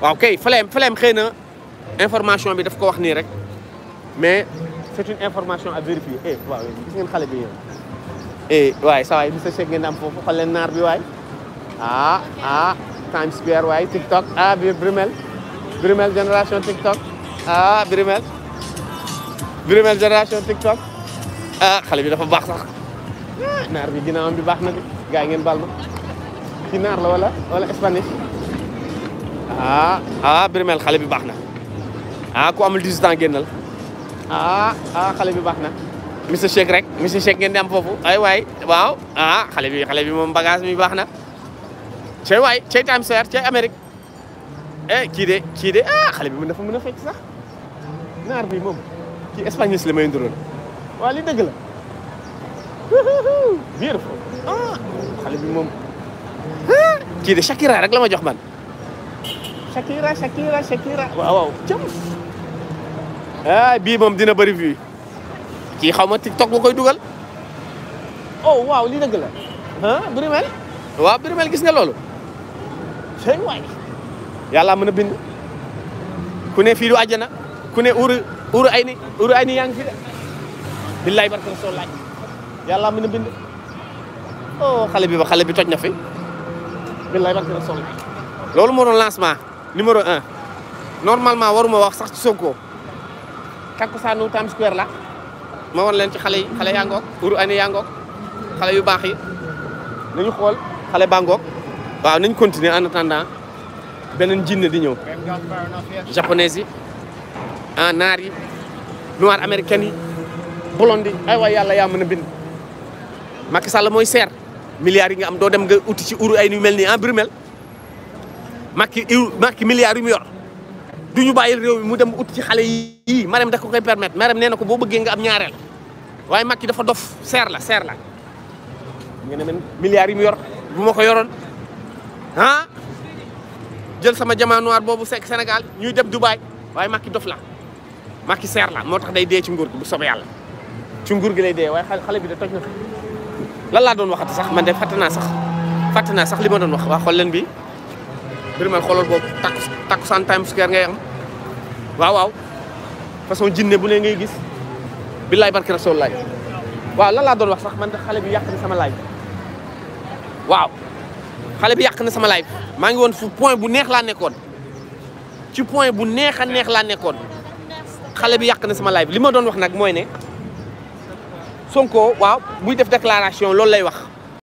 waaw kay flam, flam, xëy na information bi daf ko wax nii rek mais c'est une information à vérifier eh waaw gis ngeen xale bi yéen eh waay saa waay monsieur Cheikh ngeen am foofu xool leen naar bi waay ah ah Times Square waay TikTok ah biir Brumel Brumel génération TikTok ah Brumel Brumel génération TikTok ah xale bi dafa baax sax naar bi ginnaawam bi baax na de gars yi bal? baal ci naar la wala wala spanish ah ah Birmel xale bi baax na ah ku am 18 ans ah ah xale bi baax na monsieur Cheikh rek monsieur Cheikh ngeen di am foofu ay waay waaw ah xale bi xale bi moom bagage mi baax na cey waay cey time seer cey Amérique eh kii de kii de ah xale bi mën na fa mën a fecc sax naar bi moom kii espagnol si la may nduroon waaw li dëgg la ah xale bi moom ah, kii de Shakira rek la ma jox man Shakira Shakira Shakira wow wow cëm ah eh, bi mom dina bari fii Ki xawma TikTok bu koy dugal oh wow lii dëgg la ah Birimel waaw Birimel gis nga lolu. seen way. Yalla mën bind ku ne fi du aljana, ku ne uru uru ayni, uru ayni yang fi Billahi barka so laaj Yalla bind oh xale bi ba xale bi toj na fi Billahi barka so laaj Lolu mo don lancement numéro 1 normalement waruma wax sax ci soko Sonko sanu Times Square la ma won len ci xalé xalé xale yaa uru ani yaa ngoog xale yu bax yi nañu xol xalé bangok ngoog waaw nañ continuer en attendant benen jinne di ñew japonais yi en ah, nar yi noir américain yi blonde yi ay wa yalla yaa mën bind Macky Sall moy ser milliards yi nga am do dem nga outil ci uru ay ñu melni en ah, Brumel Macky Macky milliards yu yor du ñu bàyyil réew mi mu dem ut ci xale yii Marème da ko koy permettre Marème nee na ko boo bëggee nga am ñaareel waaye makki dafa dof seer la seer la ne man milliards yu yor bu ma ko yoroon ah jël sama jamaa noir boobu sekk Sénégal ñuy dem Dubaï waaye makki dof la Macky seer la moo tax day dee ci nguur gi bu soobee yàlla ci nguur gi lay dee waaye xale bi da toj na lan laa doon waxati sax man de fàtte naa sax fàtte naa sax li ma doon wax waa xool leen bi bir ma xoolal boobu takku takkusaan Times Square ngay am waaw waaw façon jinne bu ne ngay gis billaay barki rasul laay waaw lan laa doon wax sax man de xale bi yàq na sama laay waaw xale bi yàq na sama laay maa ngi woon fu point bu neex laa nekkoon ci point bu neex a neex laa nekkoon xale bi yàq na sama laay li ma doon wax nag mooy ne Sonko waaw muy def déclaration loolu lay wax